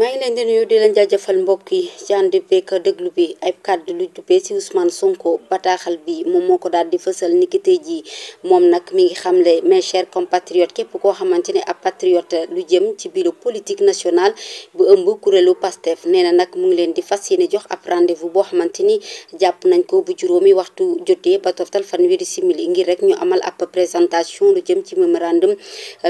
maa ngi leen di nuyu di leen jaajafal mbokk yi ci ànd beeg déglu bi ay kàddu lu jubee ci Ousmane Sonko bataaxal bi moom moo ko daal di fësal niki tey jii moom nag mi ngi xamle mes chers compatriotes képp koo xamante ne ab patriote lu jëm ci bureau politique national bu ëmb kuréelu Pastef nee na nag mu ngi leen di fas ni jox ab rendez boo xamante ni jàpp nañ ko bu juróomi waxtu jotee ba toftal fanweeri simili ngir rek ñu amal ab présentation lu jëm ci mémorandum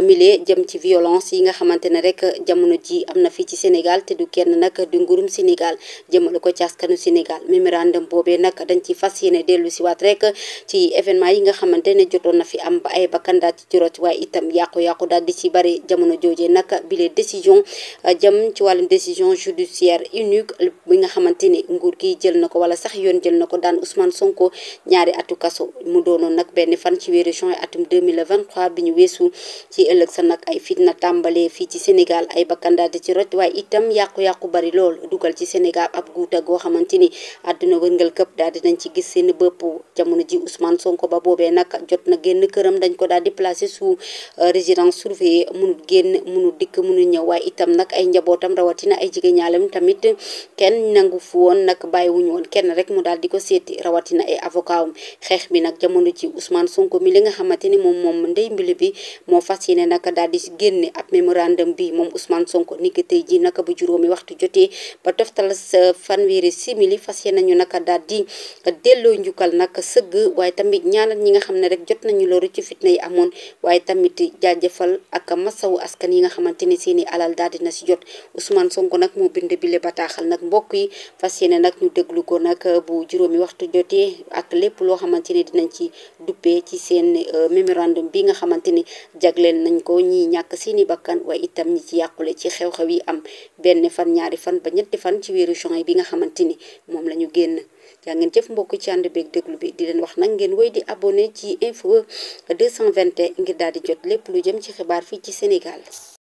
milé jëm ci violence yi nga xamante ne rek jamono ji am na fii ci Sénégal Sénégal te du kenn nag du nguurum Sénégal jëmale ko ci askanu Sénégal mémorandum boobee nag dañ ci fas yéene dellu si waat rek ci événement yi nga xamante ne jotoon na fi am ba ay bakkan daal ci juróot waaye itam yàqu-yàqu daal di ci bari jamono joojee nag bile décision euh, jëm ci wàllum décision judiciaire unique bi nga xamante ni nguur gi jël na ko wala sax yoon jël na ko daan Ousmane Sonko ñaari atu kaso mu doonoon nag benn fan ci weeru juin atum 2023 bi ñu weesu ci ëllëg sa nag ay fitna tàmbalee fii ci Sénégal ay itam yàqu-yàqu bari lool dugal ci Sénégal ab guuta goo xamante ni àdduna wërngal këpp di nañ ci gis seen bëpp jamono ji Ousmane Sonko ba boobee nag jot na génn këram dañ ko daal di placé sous euh, résidence surveillée munul génn munul dikk munul ñëw waaye itam nag ay njabootam rawatina ay jigéen ñaalam tamit kenn nangu fu woon nag bàyyiwuñu woon kenn rek mu daal di ko seeti rawatina ay avocat am bi nag jamono ji Ousmane Sonko mi li nga xamante ni moom moom ndey mbili bi moo fas yéene nag daal di génne ab mémorandum bi moom Ousmane Sonko ni ko tey naka bu juróomi waxtu jotee ba toftal sa fanweeri simili fas yéene nañu naka daal di delloo njukkal naka sëgg waaye tamit ñaanal ñi nga xam ne rek jot nañu loru ci fitna yi amoon waaye tamit jaajëfal ak masawu askan yi nga xamante ni seeni alal daal dina si jot Ousmane Sonko nag moo bind bile bataaxal nag mbokk yi fas yéene nag ñu déglu ko nag bu juróomi waxtu jotee ak lépp loo xamante ni dinañ ci duppee ci seen euh, mémorandum bi nga xamante ni jagleel nañ ko ñiy ñàkk seeni bakkan waaye itam ñi ci yàqule ci xew-xew yi am benn fan ñaari fan ba ñetti fan ci weeru juin bi nga xamante ni moom la ñu génn yaa jëf mbokk ci ànd beeg déglu bi di leen wax nag ngeen wéy di abonné ci info 221 ngir daal di jot lépp lu jëm ci xibaar fii ci Sénégal